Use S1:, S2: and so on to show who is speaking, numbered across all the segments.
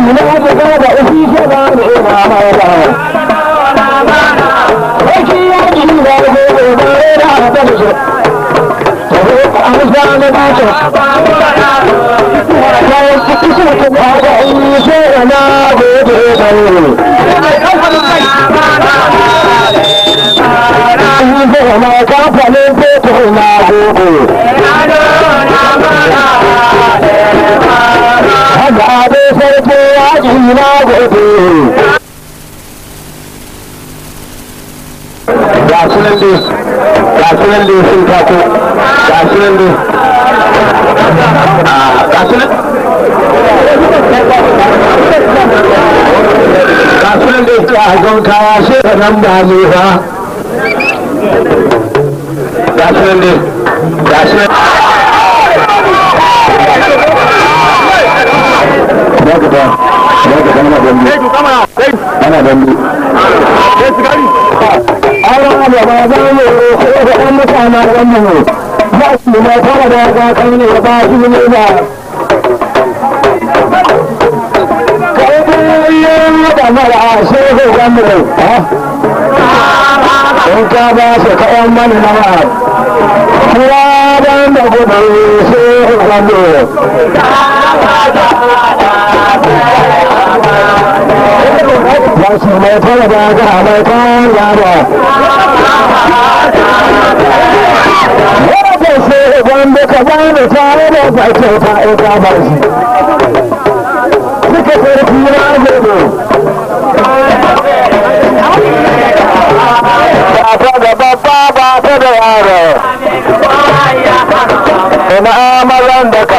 S1: na shiga da ufi shiga da ina mata Waki yaki da gobe da yana da shi Tafi ka amsa na bata Kayan kuɗi sun kuma da yi so na gobe da wuri Yi zama kamfanin fetur na gobe na gode ga sunan dai ga sunan dai sun kako ah, ga sunan dai ga sunan ga sunan dai ta hagon kaya da ba ne ba ga sunan dai ga ana dambe Allah da ba zan ko da ɗan mutane wannan ne ba su ne fara da ga kai ne ba su ne ba kai ne yin da in ka ba su mani na ba da gobe sai ko gamba Wasu mai fara ba mai fara ba. Wata sai wanda ka ba da da mazan da ka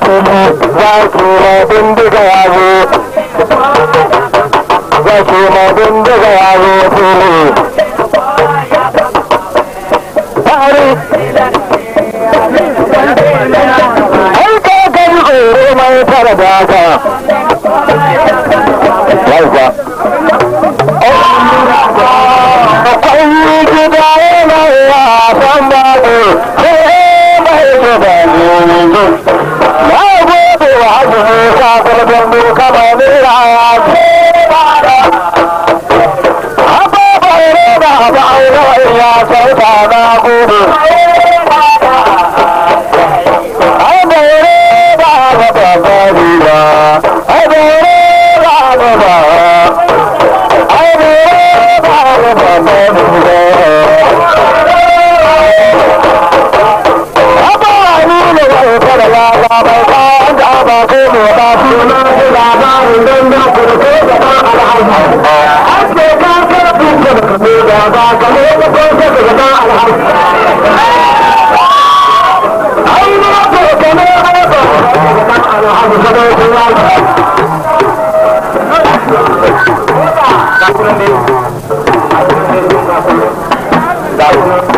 S1: tuni za zaki ma bindiga ya zo zaki ma bindiga ya zo fili tare an ka gani tsoro mai tara da haka laifa Ayyuki da yana yake ba ne yanzu na gode wa hajji kafin bin duka ba ne raya bai da ji Thank you.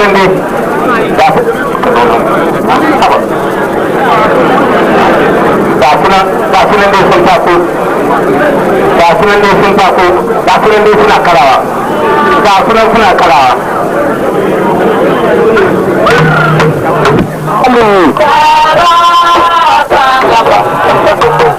S1: చేయండి documentation పాకు documentation పాకు documentation అక్కడ documentation అక్కడ Thank you.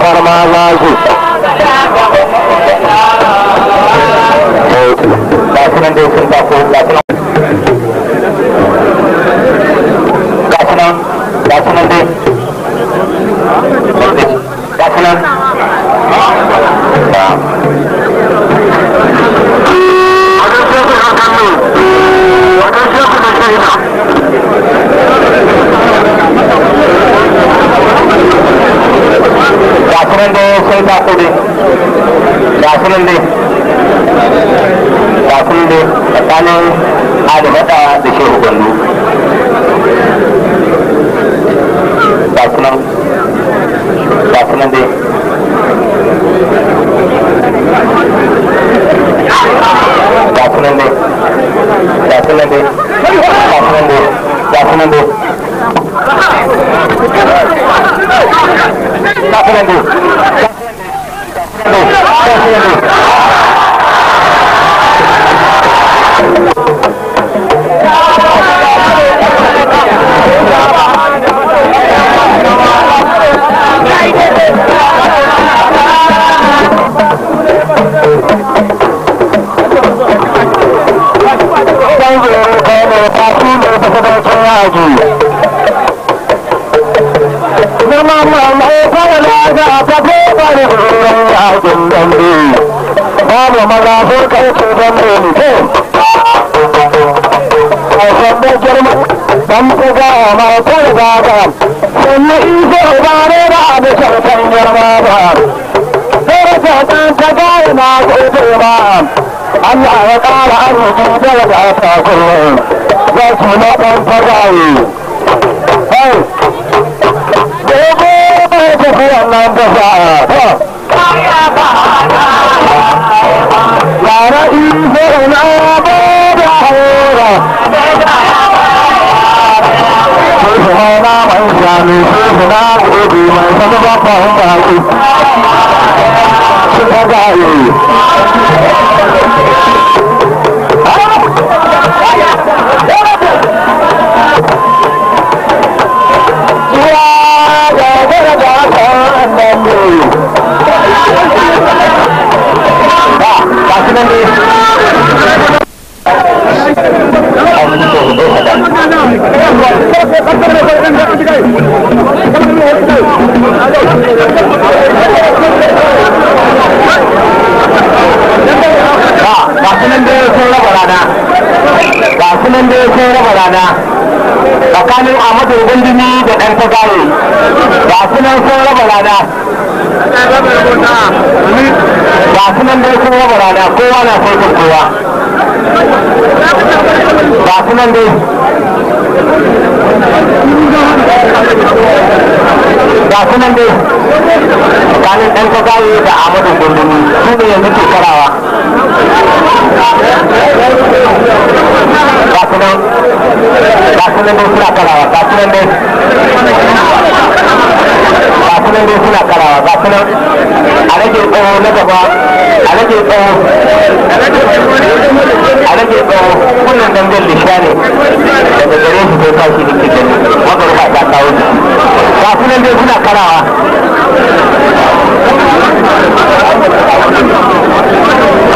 S1: farma za su ga sunan sun ba ko imam sai ta ta gaya na gode imam Allah ya kara arziki da wata ta kullum za su na da Yara na su mai shanu sai na gobe ba su nan sun raba sun raba tsakanin ahmadu gundumi da ɗan tagare ba su nan sun raba rana ba su nan dai sun raba rana kowa na sai kowa ba su nan dai ga sunan dai tsakanin ɗan kagaye da amadu gundumi su ne yanzu ke karawa ga sunan ga sunan dai suna karawa ga sunan dai ga sunan dai suna karawa ga sunan a rage tsawo na gaba a rage tsawo rage tsawo kullum dan jan lishiya daga gare shi sai kashi da ke gani magaruba ta kawo jiki ba kunan dai kuna karawa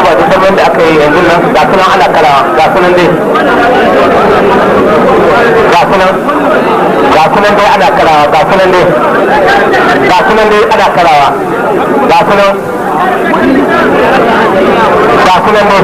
S1: ba duk da aka yi yanzu nan ga sunan ana karawa ga sunan dai ga sunan ga sunan dai ana karawa ga dai ga dai ana karawa ga ga dai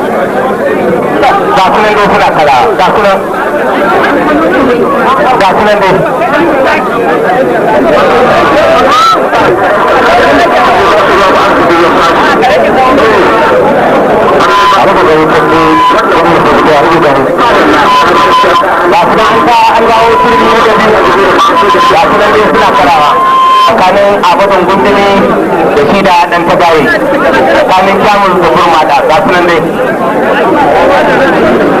S1: document open रखा था document tsakanin abadan gundumi da shi da ɗan tagaye tsakanin kyamun da gurma da gasunan dai ¡Vamos!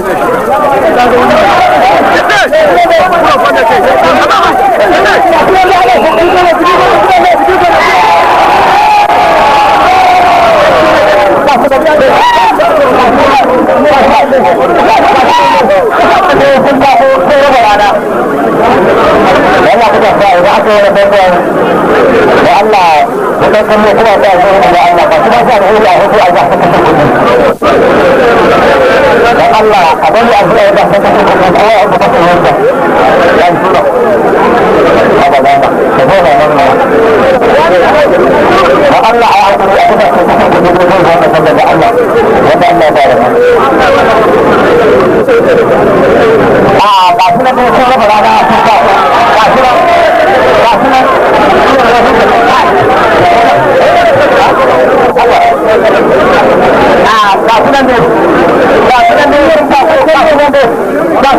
S1: Thank you. Ah, हा दा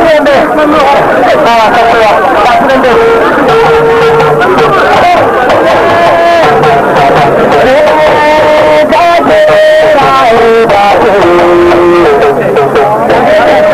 S1: दा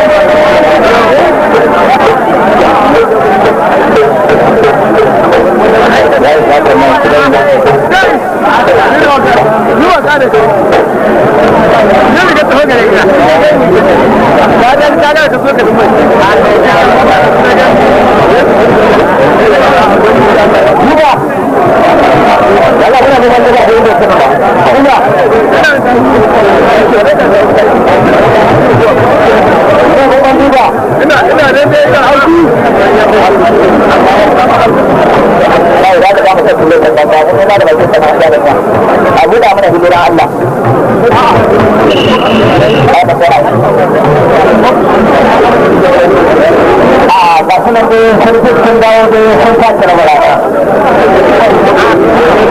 S1: दासरा बड़ा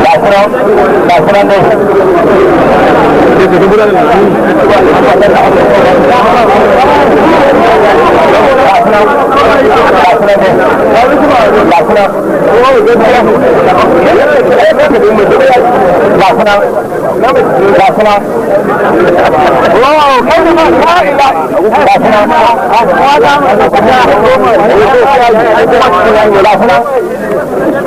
S1: दासरा दासरा ने Thank you.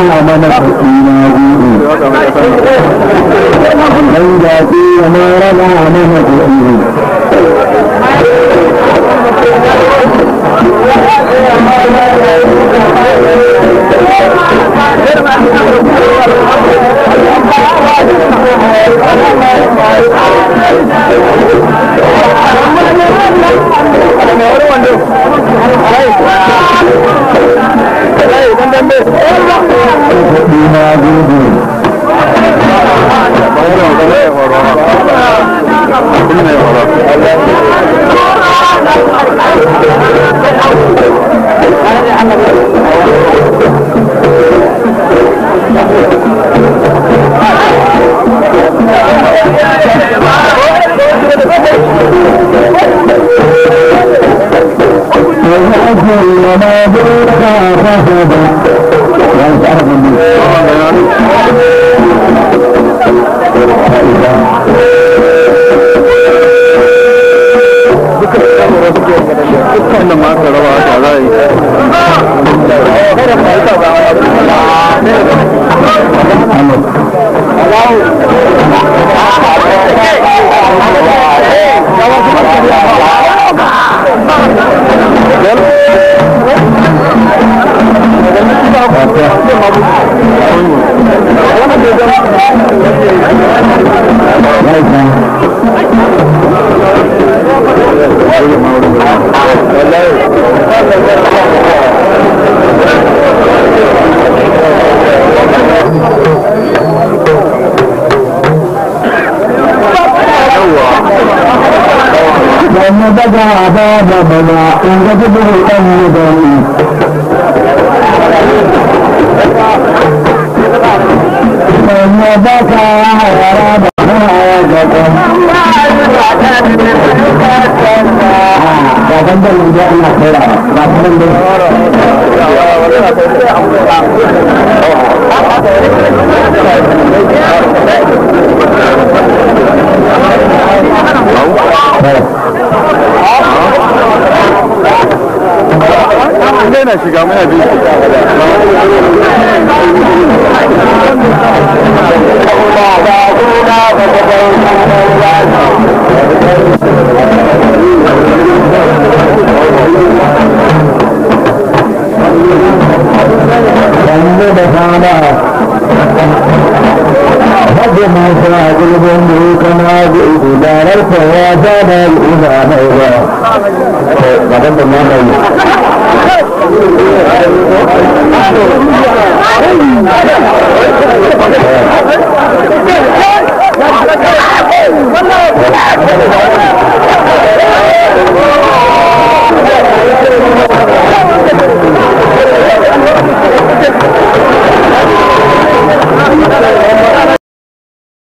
S1: أمانة فسيناه من جاتي وما رمى أمانة فسيناه Thank you. mai wani wando kai kai dan dambe na gudu Thank you. كل ما ذكر فهدى sannu daga ababa bala in ga jibiru kan mu gani da haya ga kan ba ban da Mun da ana kira ba ban da Thank you. yana shiga muna biyu